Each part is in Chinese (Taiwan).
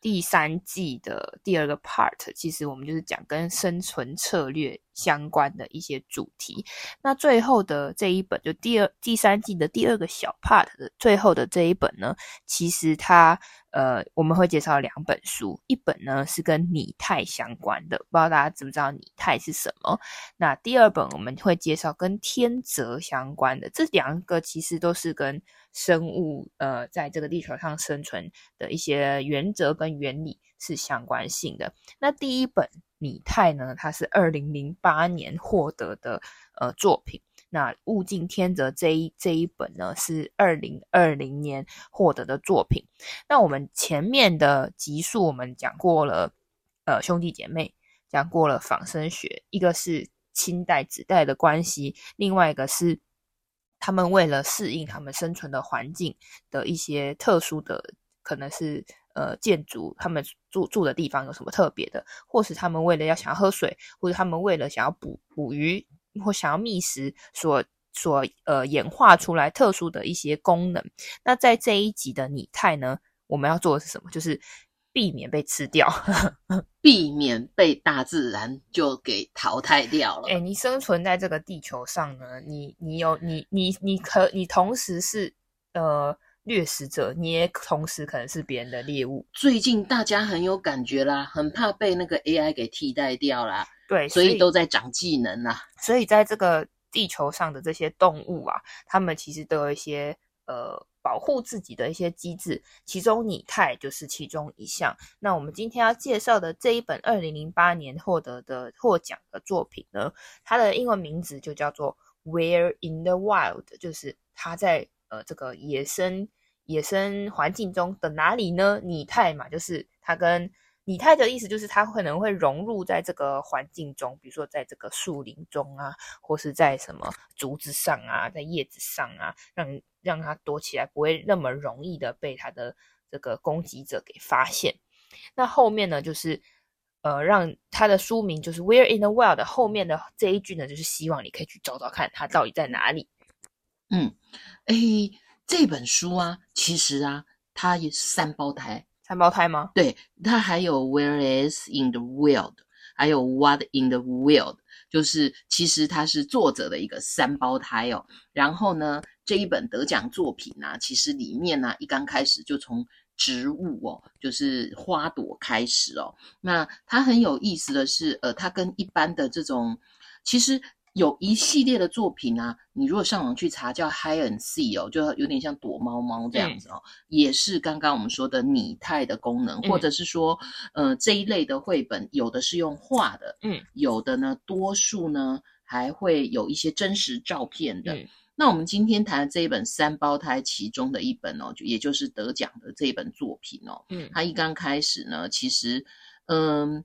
第三季的第二個 part，其實我們就是講跟生存策略，相關的一些主題。那最後的這一本，就第二、第三季的第二個小 part 的最後的這一本呢，其實它呃，我們會介紹兩本書，一本呢是跟擬態相關的，不知道大家知不知道擬態是什麼？那第二本我們會介紹跟天擇相關的。這兩個其實都是跟生物呃，在這個地球上生存的一些原則跟原理是相關性的。那第一本。擬態呢，他是二零零八年獲得的呃作品。那《物競天擇》這一這一本呢，是二零二零年獲得的作品。那我們前面的集數，我們講過了，呃，兄弟姐妹，講過了仿生學，一個是親代子代的關係，另外一個是他們為了適應他們生存的環境的一些特殊的，可能是。呃，建築他們住住的地方有什麼特別的，或是他們為了要想要喝水，或者他們為了想要捕捕魚或想要覓食所，所所呃演化出來特殊的一些功能。那在這一集的擬態呢，我們要做的是什麼？就是避免被吃掉， 避免被大自然就給淘汰掉了。誒、欸，你生存在這個地球上呢，你你有你你你可你同時是呃。掠食者，你也同時可能是別人的獵物。最近大家很有感覺啦，很怕被那個 AI 給替代掉啦，對，所以，所以都在長技能啊。所以在這個地球上的這些動物啊，他們其實都有一些呃保護自己的一些機制，其中擬態就是其中一項。那我們今天要介紹的這一本二零零八年獲得的獲獎的作品呢，它的英文名字就叫做《Where in the Wild》，就是它在呃這個野生。野生環境中的哪裡呢？擬態嘛，就是它跟擬態的意思，就是它可能會融入在這個環境中，比如說在這個樹林中啊，或是在什麼竹子上啊，在葉子上啊，讓讓它躲起來，不會那麼容易的被它的這個攻擊者給發現。那後面呢，就是呃，讓它的書名就是 Where in the Wild？後面的這一句呢，就是希望你可以去找找看，它到底在哪裡。嗯，哎。這本書啊，其實啊，它也是三胞胎。三胞胎嗎？對，它還有 Where in the Wild 還有 What in the Wild 就是其實它是作者的一個三胞胎哦。然後呢，這一本得獎作品呢、啊，其實裡面呢、啊，一剛開始就從植物哦，就是花朵開始哦。那它很有意思的是，呃，它跟一般的這種，其實。有一系列的作品啊，你如果上網去查，叫 High and See 哦，就有點像躲貓貓這樣子哦，嗯、也是剛剛我們說的擬態的功能、嗯，或者是說，呃，這一類的繪本，有的是用畫的，嗯，有的呢，多數呢還會有一些真實照片的。嗯、那我們今天談的這一本三胞胎其中的一本哦，也就是得獎的這一本作品哦，嗯、它一剛開始呢，其實，嗯。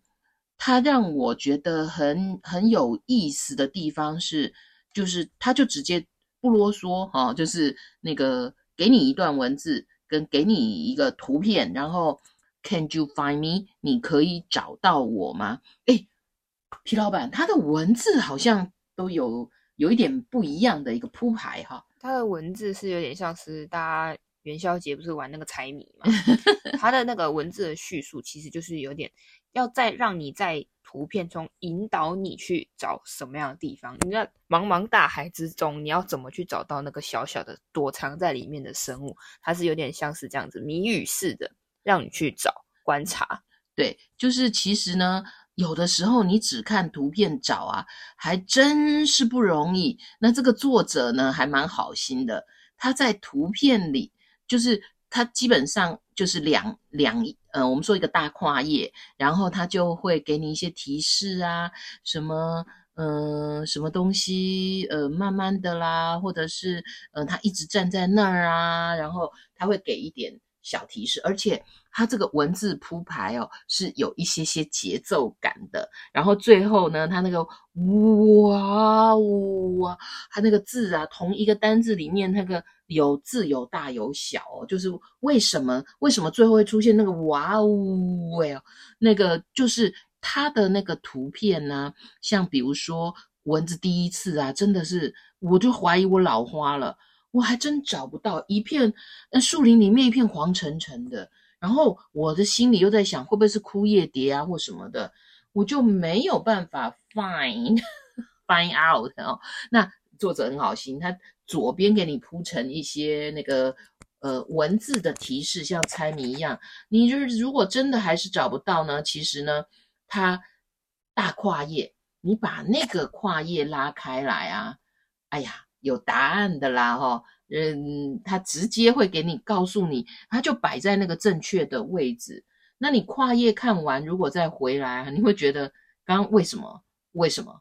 他讓我覺得很很有意思的地方是，就是他就直接不囉嗦，哦、就是那個給你一段文字跟給你一個圖片，然後 Can you find me？你可以找到我嗎？誒皮老板，他的文字好像都有有一點不一樣的一個鋪排哈。他、哦、的文字是有點像是大家元宵節不是玩那個猜謎嘛？他 的那個文字的敘述其實就是有點。要再讓你在圖片中引導你去找什麼樣的地方？你看茫茫大海之中，你要怎麼去找到那個小小的躲藏在裡面的生物？它是有點像是這樣子謎語似的，讓你去找觀察。對，就是其實呢，有的時候你只看圖片找啊，還真是不容易。那這個作者呢，還蠻好心的，他在圖片裡，就是他基本上就是兩兩。量嗯、呃，我們說一個大跨頁，然後他就會給你一些提示啊，什麼，嗯、呃，什麼東西，呃，慢慢的啦，或者是，嗯、呃，他一直站在那兒啊，然後他會給一點小提示，而且。它這個文字鋪排哦，是有一些些節奏感的。然後最後呢，它那個哇嗚、哦、哇，它那個字啊，同一個單字裡面那個有字有大有小哦。就是為什麼為什麼最後會出現那個哇嗚喂哦，那個就是它的那個圖片呢、啊？像比如說蚊子第一次啊，真的是我就懷疑我老花了，我還真找不到一片那、呃、樹林裡面一片黃澄澄的。然後我的心裡又在想，會不會是枯葉蝶，啊或什麼的，我就沒有辦法 find find out。那作者很好心，他左邊給你鋪成一些那個呃文字的提示，像猜謎一樣。你就是如果真的還是找不到呢，其實呢，它大跨頁，你把那個跨頁拉開來啊，哎呀，有答案的啦哈、哦。嗯，他直接會給你告訴你，他就擺在那個正確的位置。那你跨頁看完，如果再回來，你會覺得剛剛為什麼？為什麼？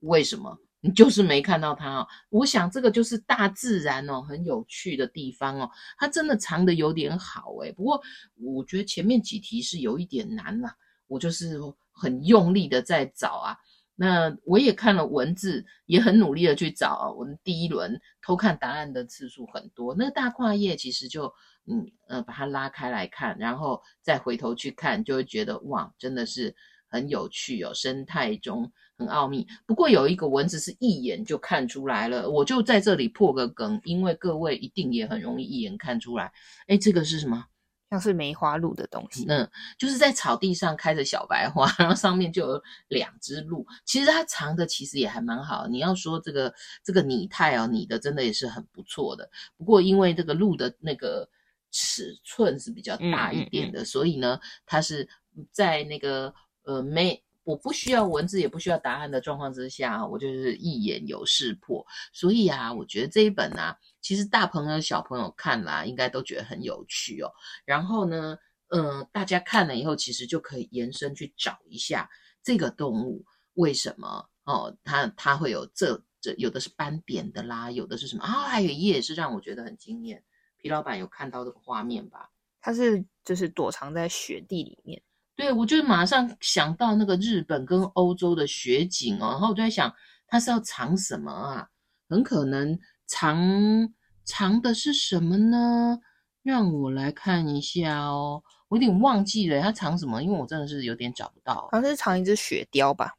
為什麼？你就是沒看到它哦。我想這個就是大自然哦，很有趣的地方哦，它真的藏得有點好誒。不過我覺得前面幾題是有一點難啦，我就是很用力的在找啊。那我也看了文字，也很努力的去找。我們第一輪偷看答案的次數很多，那大跨頁其實就嗯呃把它拉開來看，然後再回頭去看，就會覺得哇，真的是很有趣哦，生態中很奧秘。不過有一個文字是一眼就看出來了，我就在這裡破個梗，因為各位一定也很容易一眼看出來，哎，這個是什麼？像是梅花鹿的東西，嗯，就是在草地上開着小白花，然後上面就有兩隻鹿。其實它藏的其實也還蠻好。你要說這個這個擬態啊、哦，擬的真的也是很不錯的。不過因為這個鹿的那個尺寸是比較大一點的，嗯嗯嗯，所以呢，它是在那個呃，梅。我不需要文字，也不需要答案的狀況之下，我就是一眼有識破。所以啊，我覺得這一本啊，其實大朋友小朋友看了、啊、應該都覺得很有趣哦。然後呢，嗯，大家看了以後，其實就可以延伸去找一下這個動物為什麼哦，它它會有這這有的是斑點的啦，有的是什麼啊？還有一頁是讓我覺得很驚豔。皮老板有看到這個畫面吧？它是就是躲藏在雪地裡面。對，我就馬上想到那個日本跟歐洲的雪景哦，然後我就在想，他是要藏什麼啊？很可能藏藏的是什麼呢？讓我來看一下哦，我有點忘記了他藏什麼，因為我真的是有點找不到。好像是藏一隻雪貂吧，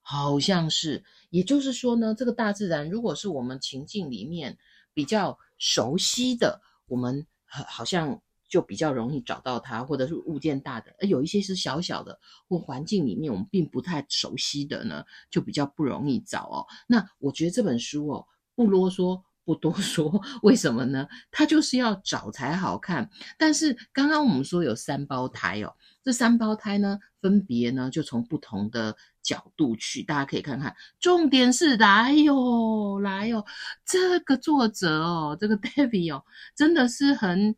好像是。也就是說呢，這個大自然如果是我們情境裡面比較熟悉的，我們好像。就比較容易找到它，或者是物件大的，而有一些是小小的，或環境裡面我們並不太熟悉的呢，就比較不容易找哦。那我覺得這本書哦，不囉嗦，不多說，為什麼呢？它就是要找才好看。但是剛剛我們說有三胞胎哦，這三胞胎呢，分別呢就從不同的角度去，大家可以看看。重點是來哦，來哦，這個作者哦，這個 David 哦，真的是很。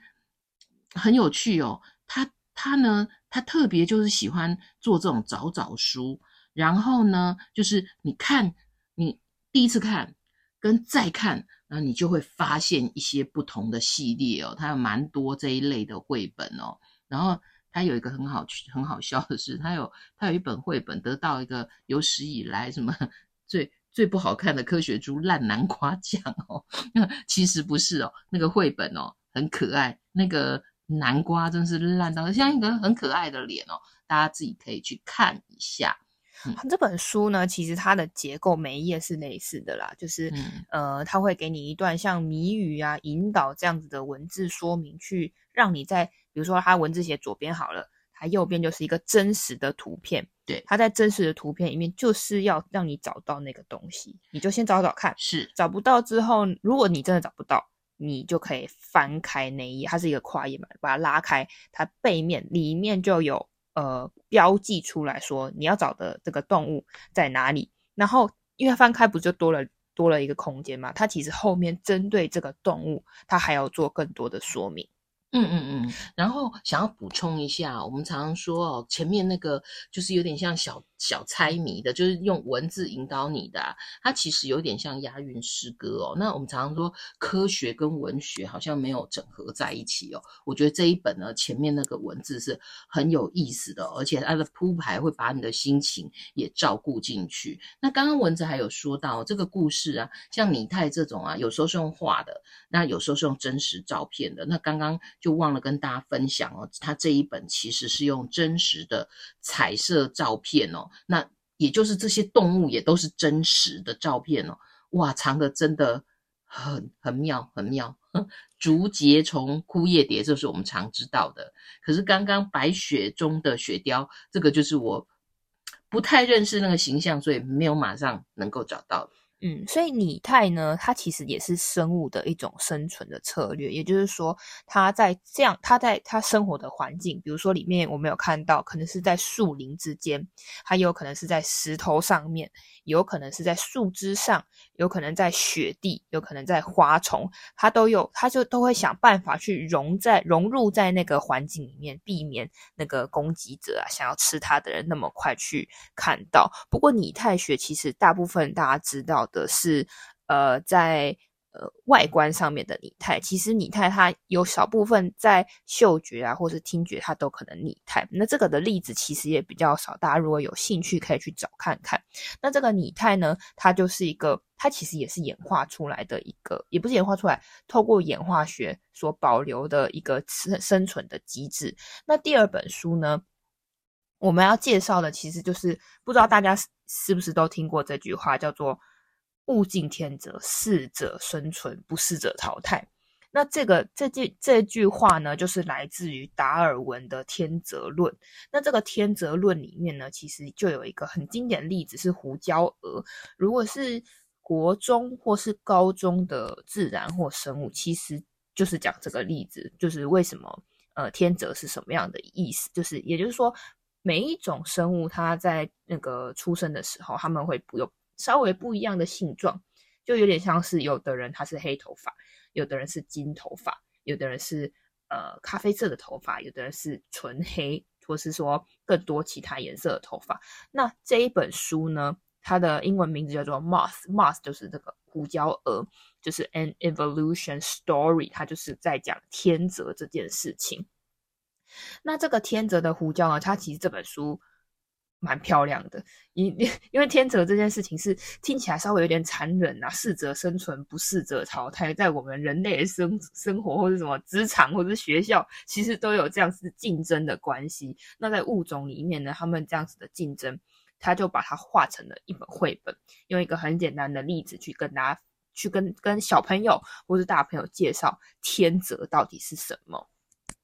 很有趣哦，他他呢，他特別就是喜歡做這種找找書，然後呢，就是你看你第一次看跟再看，那你就會發現一些不同的系列哦，他有蠻多這一類的繪本哦。然後他有一個很好很好笑的是，他有他有一本繪本得到一個有史以來什麼最最不好看的科學豬爛南瓜獎哦，其實不是哦，那個繪本哦很可愛那個。南瓜真是爛到像一個很可愛的臉哦，大家自己可以去看一下，嗯。這本書呢，其實它的結構每一頁是類似的啦，就是、嗯、呃，他會給你一段像謎語啊、引導這樣子的文字說明，去讓你在比如說他文字寫左邊好了，他右邊就是一個真實的圖片。對，他在真實的圖片裡面就是要讓你找到那個東西，你就先找找看。是，找不到之後，如果你真的找不到。你就可以翻開那一頁，它是一個跨頁嘛，把它拉開，它背面裡面就有呃標記出來說你要找的這個動物在哪裡。然後，因為它翻開不就多了多了一個空間嘛，它其實後面針對這個動物，它還要做更多的說明。嗯嗯嗯，然後想要補充一下，我們常常說哦，前面那個就是有點像小小猜謎的，就是用文字引導你的、啊，它其實有點像押韻詩歌哦。那我們常常說科學跟文學好像沒有整合在一起哦，我覺得這一本呢，前面那個文字是很有意思的，而且它的鋪排會把你的心情也照顧進去。那剛剛文字還有說到、哦、這個故事啊，像擬態這種啊，有時候是用畫的，那有時候是用真實照片的，那剛剛。就忘了跟大家分享哦，他這一本其實是用真實的彩色照片哦，那也就是這些動物也都是真實的照片哦，哇，藏的真的很很妙，很妙。哼，竹節蟲、枯葉蝶，這是我們常知道的，可是剛剛白雪中的雪雕，這個就是我不太認識那個形象，所以沒有馬上能夠找到的。嗯，所以擬態呢，它其實也是生物的一種生存的策略。也就是說，它在這樣，它在它生活的環境，比如說裡面，我們有看到，可能是在樹林之間，還有可能是在石頭上面，有可能是在樹枝上，有可能在雪地，有可能在花叢，它都有，它就都會想辦法去融在融入在那個環境裡面，避免那個攻擊者啊，想要吃它的人那麼快去看到。不過擬態學其實大部分大家知道。的是，呃，在呃外觀上面的擬態，其實擬態它有少部分在嗅覺啊，或是聽覺，它都可能擬態。那這個的例子其實也比較少，大家如果有興趣，可以去找看看。那這個擬態呢，它就是一個，它其實也是演化出來的一個，也不是演化出來，透過演化學所保留的一個生存的機制。那第二本書呢，我們要介紹的，其實就是不知道大家是是不是都聽過這句話，叫做。物競天擇，適者生存，不適者淘汰。那這個這句這句話呢，就是來自於達爾文的天擇論。那這個天擇論裡面呢，其實就有一個很經典的例子是胡椒蛾。如果是國中或是高中的自然或生物，其實就是講這個例子，就是為什麼呃天擇是什麼樣的意思？就是也就是說，每一種生物它在那個出生的時候，他們會不用。稍微不一樣的性狀，就有點像是有的人他是黑頭髮，有的人是金頭髮，有的人是呃咖啡色的頭髮，有的人是純黑，或是說更多其他顏色的頭髮。那這一本書呢，它的英文名字叫做《Moth》，Moth 就是這個胡椒蛾，就是《An Evolution Story》，它就是在講天擇這件事情。那這個天擇的胡椒呢，它其實這本書。蠻漂亮的，因因為天擇這件事情是聽起來稍微有點殘忍啊，適者生存，不適者淘汰，在我們人類的生生活或者什麼職場或者學校，其實都有這樣子競爭的關係。那在物種裡面呢，他們這樣子的競爭，他就把它畫成了一本繪本，用一個很簡單的例子去跟大家，去跟跟小朋友或者大朋友介紹天擇到底是什麼。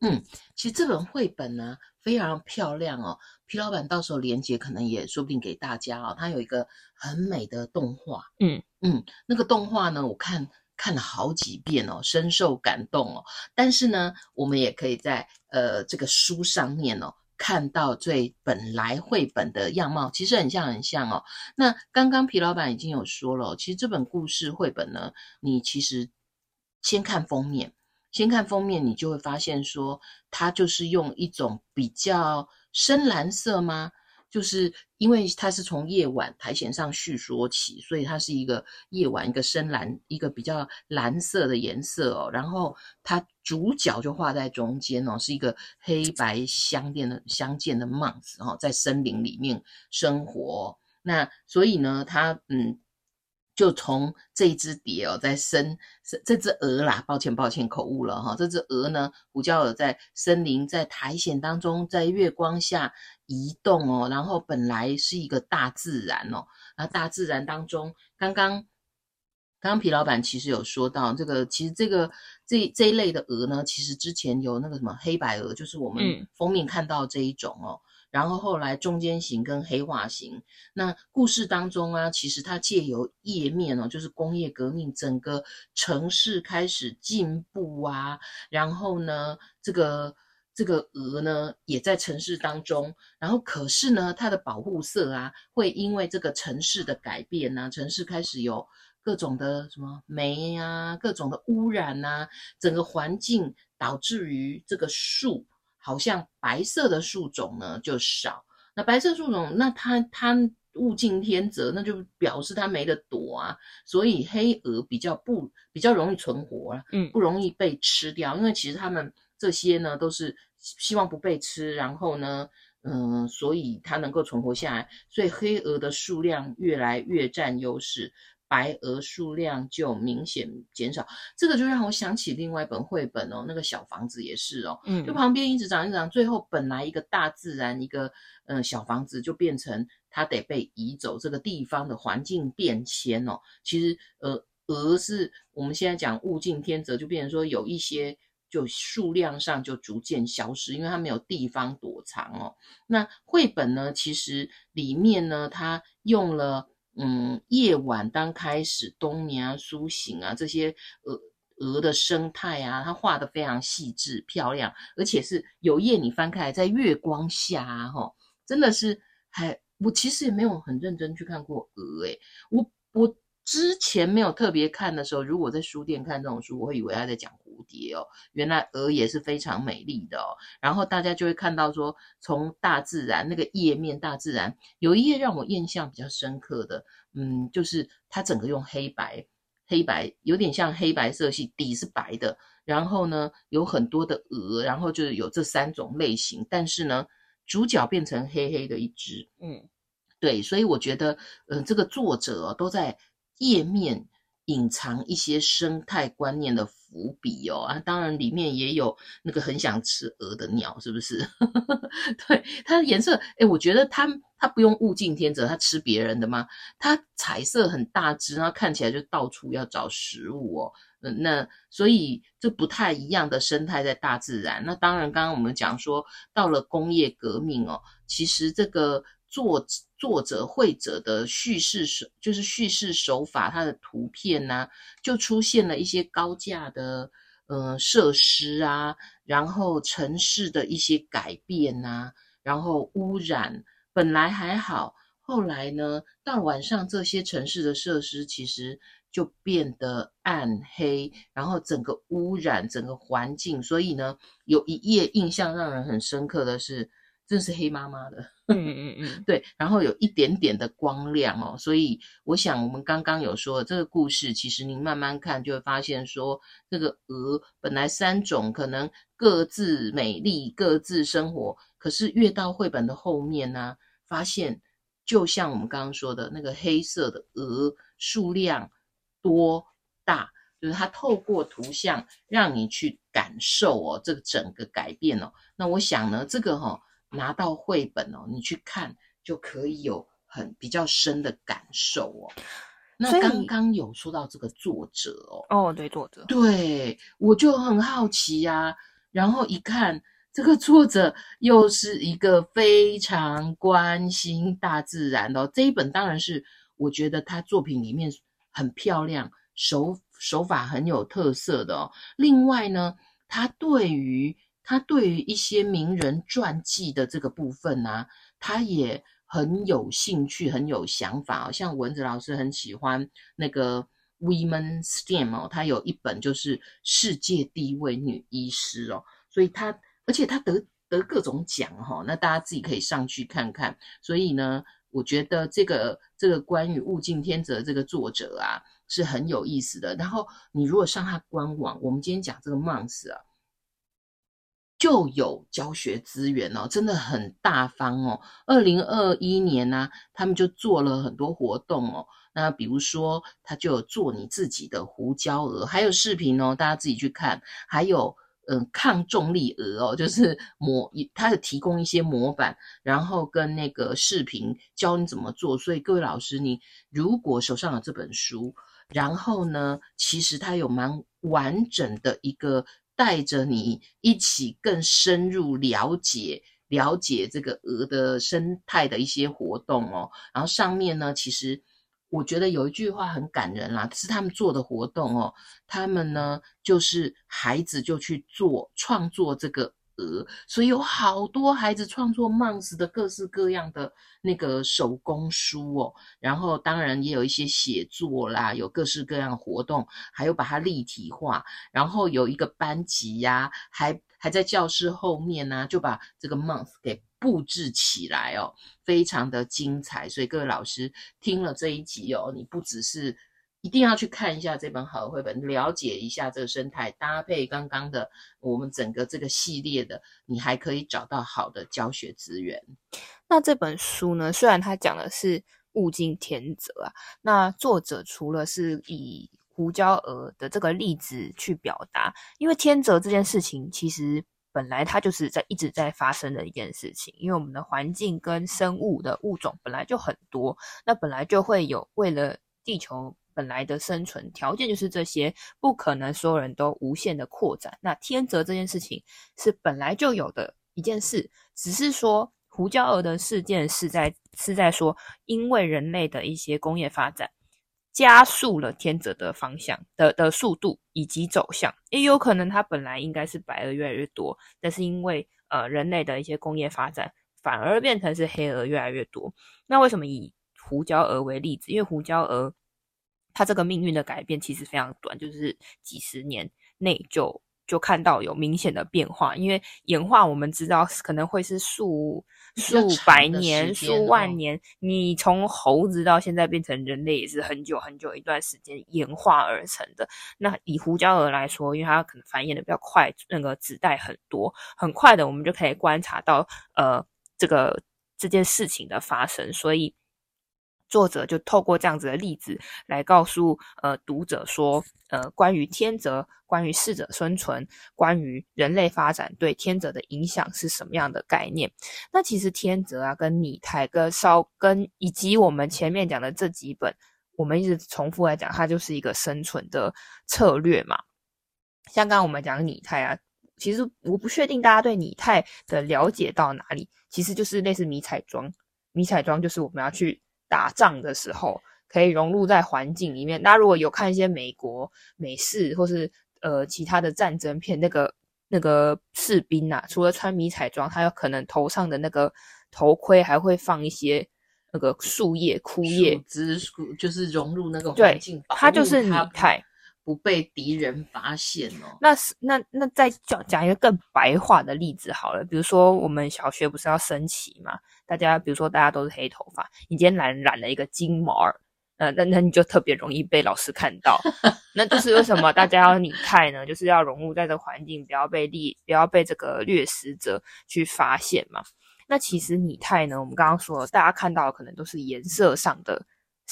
嗯，其實這本繪本呢，非常漂亮哦。皮老板到時候連結可能也說不定給大家哦，它有一個很美的動畫。嗯嗯，那個動畫呢，我看看了好幾遍哦，深受感動哦。但是呢，我們也可以在呃這個書上面哦看到最本來繪本的樣貌，其實很像很像哦。那剛剛皮老板已經有說了哦，其實這本故事繪本呢，你其實先看封面。先看封面，你就會發現說，它就是用一種比較深藍色嗎？就是因為它是從夜晚苔蘚上敘說起，所以它是一個夜晚，一個深藍，一個比較藍色的顏色哦。然後它主角就畫在中間哦，是一個黑白相間的相間的蛾子哦，在森林裡面生活。那所以呢，它嗯。就從這一只蝶哦，在森森這只蛾啦，抱歉抱歉口誤了哈、哦，這只蛾呢，胡椒蛾在森林，在苔蘚當中，在月光下移動哦，然後本來是一個大自然哦，那大自然當中，剛剛剛剛皮老板其實有說到這個，其實這個這這一類的蛾呢，其實之前有那個什麼黑白蛾，就是我們封面看到這一種哦。嗯然後後來中間型跟黑化型，那故事當中啊，其實它借由頁面哦，就是工業革命整個城市開始進步啊，然後呢，這個這個蛾呢也在城市當中，然後可是呢，它的保護色啊，會因為這個城市的改變吶、啊，城市開始有各種的什麼煤呀、啊，各種的汙染吶、啊，整個環境導致於這個樹。好像白色的樹種呢就少，那白色樹種，那它它物競天擇，那就表示它沒得躲啊，所以黑蛾比較不比較容易存活嗯，不容易被吃掉，嗯、因為其實它們這些呢都是希望不被吃，然後呢，嗯、呃，所以它能夠存活下來，所以黑蛾的數量越來越佔優勢。白蛾數量就明顯減少，這個就讓我想起另外一本繪本哦，那個小房子也是哦，嗯，就旁邊一直長，一直長，最後本來一個大自然一個嗯、呃、小房子就變成它得被移走，這個地方的環境變遷哦，其實呃蛾是我們現在講物競天擇，就變成說有一些就數量上就逐漸消失，因為它沒有地方躲藏哦。那繪本呢，其實裡面呢，它用了。嗯，夜晚剛開始冬眠啊，蘇醒啊，這些蛾蛾的生態啊，它畫的非常細緻漂亮，而且是有夜你翻開在月光下哈、啊，真的是還我其實也沒有很認真去看過蛾誒、欸，我我之前沒有特別看的時候，如果在書店看這種書，我會以為他在講。蝴蝶哦，原來蛾也是非常美麗的哦。然後大家就會看到說，從大自然那個頁面，大自然有一頁讓我印象比較深刻的，嗯，就是它整個用黑白，黑白有點像黑白色系，底是白的，然後呢有很多的蛾，然後就是有這三種類型，但是呢主角變成黑黑的一隻，嗯，對，所以我覺得，嗯，呃，這個作者哦，都在頁面。隱藏一些生態觀念的伏筆哦啊，當然裡面也有那個很想吃鵝的鳥，是不是？ 對，它的顏色，誒、欸、我覺得它它不用物競天擇，它吃別人的嗎？它彩色很大只，然後看起來就到處要找食物哦。嗯、那所以這不太一樣的生態在大自然。那當然，剛剛我們講說到了工業革命哦，其實這個。作者作者繪者的敘事手，就是敘事手法，它的圖片吶，就出現了一些高架的嗯設施啊，然後城市的一些改變吶，然後污染本來還好，後來呢，到晚上這些城市的設施其實就變得暗黑，然後整個污染，整個環境，所以呢，有一頁印象讓人很深刻的是。真是黑麻麻的，嗯嗯嗯 對，然後有一點點的光亮哦，所以我想我們剛剛有說的這個故事，其實您慢慢看就會發現說，說這個蛾本來三種可能各自美麗、各自生活，可是越到繪本的後面呢、啊，發現就像我們剛剛說的那個黑色的蛾數量多大，就是它透過圖像讓你去感受哦，這個整個改變哦，那我想呢，這個哈、哦。拿到繪本哦，你去看就可以有很比較深的感受哦。那剛剛有說到這個作者哦，哦，對，作者，對我就很好奇呀。然後一看這個作者又是一個非常關心大自然的。這一本當然是我覺得他作品裡面很漂亮，手手法很有特色的哦。另外呢，他對於他對於一些名人傳記的這個部分啊，他也很有興趣，很有想法哦。像文子老師很喜歡那個 Women's STEM 哦，他有一本就是世界第一位女醫師哦，所以他而且他得得各種獎哈、哦。那大家自己可以上去看看。所以呢，我覺得這個這個關於物競天擇這個作者啊，是很有意思的。然後你如果上他官網，我們今天講這個 Moth 啊。就有教學資源哦，真的很大方哦。二零二一年呢、啊，他們就做了很多活動哦。那比如說，他就有做你自己的胡椒蛾，還有視頻哦，大家自己去看。還有，嗯，抗重力蛾哦，就是模，他是提供一些模板，然後跟那個視頻教你怎麼做。所以，各位老師，你如果手上有這本書，然後呢，其實他有蠻完整的一個。帶着你一起更深入了解了解這個蛾的生態的一些活動哦，然後上面呢，其實我覺得有一句話很感人啦，是他們做的活動哦，他們呢就是孩子就去做創作這個。呃、嗯，所以有好多孩子創作 Moth 的各式各樣的那個手工書哦，然後當然也有一些寫作啦，有各式各樣活動，還有把它立體化，然後有一個班級呀、啊，還還在教室後面呢、啊，就把這個 Moth 給佈置起來哦，非常的精彩。所以各位老師聽了這一集哦，你不只是。一定要去看一下這本好的繪本，了解一下這個生態搭配。剛剛的我們整個這個系列的，你還可以找到好的教學資源。那這本書呢？雖然它講的是物競天擇啊，那作者除了是以胡椒蛾的這個例子去表達，因為天擇這件事情，其實本來它就是在一直在發生的一件事情。因為我們的環境跟生物的物種本來就很多，那本來就會有為了地球。本來的生存條件就是這些，不可能所有人都無限的擴展。那天擇這件事情是本來就有的一件事，只是說胡椒蛾的事件是在是在說，因為人類的一些工業發展，加速了天擇的方向的的速度以及走向。也有可能它本來應該是白蛾越來越多，但是因為呃人類的一些工業發展，反而變成是黑蛾越來越多。那為什麼以胡椒蛾為例子？因為胡椒蛾。它這個命運的改變其實非常短，就是幾十年內就就看到有明顯的變化。因為演化我們知道可能會是數數百年的的、哦、數萬年。你從猴子到現在變成人類也是很久很久一段時間演化而成的。那以胡椒蛾來說，因為它可能繁衍得比較快，那個子代很多，很快的我們就可以觀察到呃這個這件事情的發生，所以。作者就透過這樣子的例子來告訴呃讀者說，呃，關於天擇，關於適者生存，關於人類發展對天擇的影響是什麼樣的概念？那其實天擇啊，跟擬態、跟燒、跟以及我們前面講的這幾本，我們一直重複來講，它就是一個生存的策略嘛。像剛剛我們講擬態啊，其實我不確定大家對擬態的了解到哪裡，其實就是類似迷彩裝，迷彩裝就是我們要去。打仗的時候可以融入在環境裡面。大家如果有看一些美國美式或是呃其他的戰爭片，那個那個士兵啊，除了穿迷彩裝，他有可能頭上的那個頭盔還會放一些那個樹葉、枯葉、樹枝枯，就是融入那個環境。對，它他就是擬態。不被敵人發現哦。那那那再講講一個更白話的例子好了。比如說我們小學不是要升旗嘛？大家比如說大家都是黑頭髮，你今天染染了一個金毛兒，呃，那那你就特別容易被老師看到。 那就是為什麼大家要擬態呢？就是要融入在這個環境，不要被獵不要被這個掠食者去發現嘛。那其實擬態呢，我們剛剛說了大家看到的可能都是顏色上的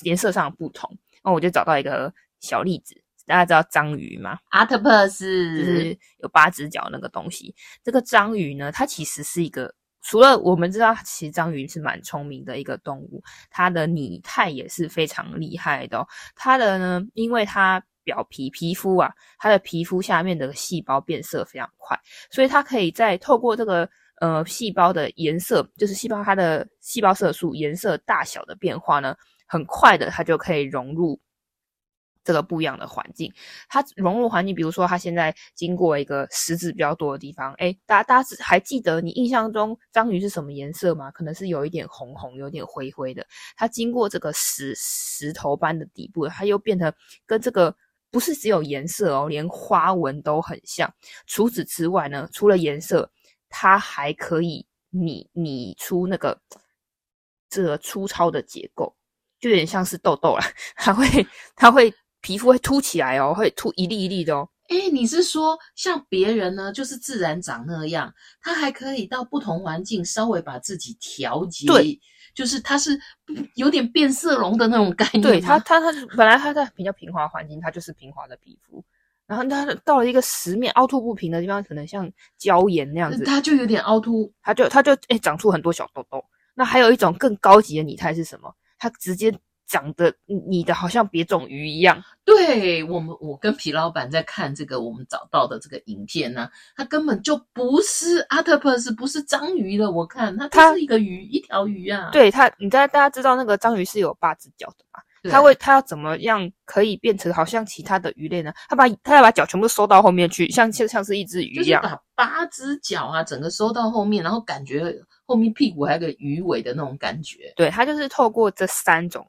顏色上的不同。那我就找到一個小例子。大家知道章魚嗎？阿特帕斯就是有八隻腳那個東西。這個章魚呢，它其實是一個，除了我們知道，其實章魚是蠻聰明的一個動物，它的擬態也是非常厲害的哦。它的呢，因為它表皮皮膚啊，它的皮膚下面的細胞變色非常快，所以它可以在透過這個呃細胞的顏色，就是細胞它的細胞色素顏色大小的變化呢，很快的它就可以融入。這個不一樣的環境，它融入環境，比如說它現在經過一個石子比較多的地方，哎，大家大家還記得你印象中章魚是什麼顏色嗎？可能是有一點紅紅，有一點灰灰的。它經過這個石石頭般的底部，它又變成跟這個不是只有顏色哦，連花紋都很像。除此之外呢，除了顏色，它還可以擬擬出那個這個粗糙的結構，就有點像是痘痘了。它會它會。皮膚會凸起來哦，會凸一粒一粒的哦。哎、欸，你是說像別人呢，就是自然長那樣，他還可以到不同環境稍微把自己調節。對，就是他是有點變色龍的那種概念。對，他他他本來他在比較平滑環境，他就是平滑的皮膚，然後他到了一個石面凹凸不平的地方，可能像礁岩那樣子，嗯，他就有點凹凸，他就他就哎、欸、長出很多小痘痘。那還有一種更高級的擬態是什麼？他直接。長得，你的好像別種魚一樣。對我們，我跟皮老闆在看這個，我們找到的這個影片呢、啊，它根本就不是阿特帕斯，不是章魚的？我看它它是一個魚，一條魚啊。對它，你知道大家知道那個章魚是有八隻腳的嘛？它會它要怎麼樣可以變成好像其他的魚類呢？它把它要把腳全部收到後面去，像像像是一隻魚一樣，就是、把八隻腳啊，整個收到後面，然後感覺後面屁股還有個魚尾的那種感覺。對，它就是透過這三種。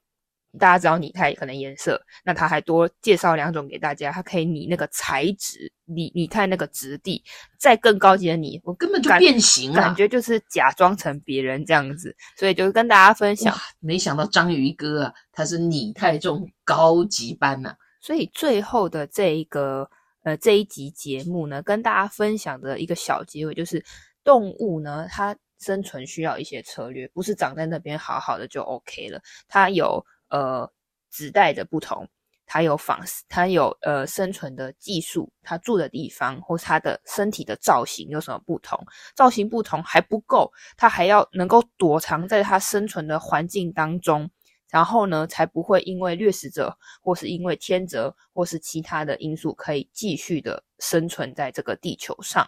大家知道擬態可能顏色，那他還多介紹兩種給大家。他可以擬那個材質，擬擬態那個質地。再更高級的擬，我根本就變形了、啊，感覺就是假裝成別人這樣子。嗯、所以就跟大家分享、嗯，沒想到章魚哥啊，他是擬態中高級班呢、啊。所以最後的這一個呃這一集節目呢，跟大家分享的一個小結尾就是，動物呢，它生存需要一些策略，不是長在那邊好好的就 OK 了，它有。呃，子代的不同，它有仿，它有呃生存的技術，它住的地方或是它的身體的造型有什麼不同？造型不同還不夠，它還要能夠躲藏在它生存的環境當中，然後呢，才不會因為掠食者或是因為天擇或是其他的因素，可以繼續的生存在這個地球上。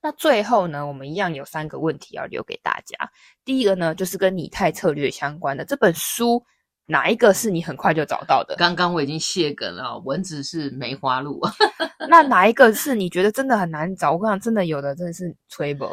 那最後呢，我們一樣有三個問題要留給大家。第一個呢，就是跟擬態策略相關的這本書，哪一個是你很快就找到的？剛剛我已經洩梗了、哦，文字是梅花鹿。 那哪一個是你覺得真的很難找？我跟你講，真的有的真的是吹不。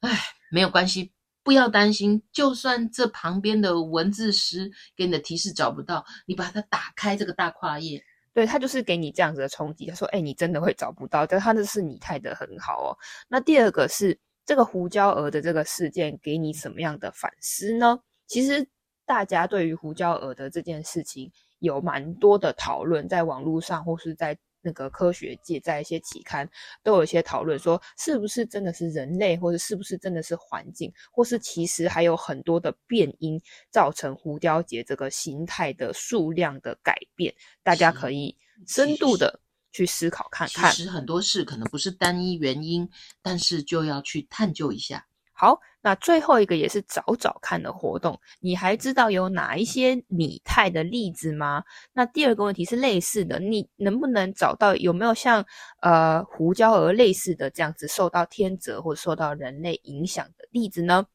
哎，沒有關係，不要擔心。就算這旁邊的文字師給你的提示找不到，你把它打開這個大跨頁。對他就是給你這樣子的衝擊。他說：“哎、欸，你真的會找不到。”但他那是擬態的很好哦。那第二個是這個胡椒蛾的這個事件給你什麼樣的反思呢？其實大家對於胡椒蛾的這件事情有蠻多的討論，在網絡上或是在。那個科學界在一些期刊都有一些討論，說是不是真的是人類，或者是，是不是真的是環境，或是其實還有很多的變因造成胡椒蛾這個形態的數量的改變。大家可以深度的去思考看看。其實，其實，其實很多事可能不是單一原因，但是就要去探究一下。好，那最後一個也是找找看的活動，你還知道有哪一些擬態的例子嗎？那第二個問題是類似的，你能不能找到有沒有像呃胡椒蛾類似的這樣子受到天擇或受到人類影響的例子呢？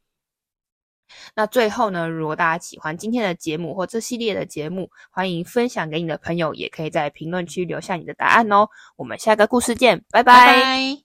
那最後呢，如果大家喜歡今天的節目或這系列的節目，歡迎分享給你的朋友，也可以在評論區留下你的答案哦。我們下個故事見，拜拜。拜拜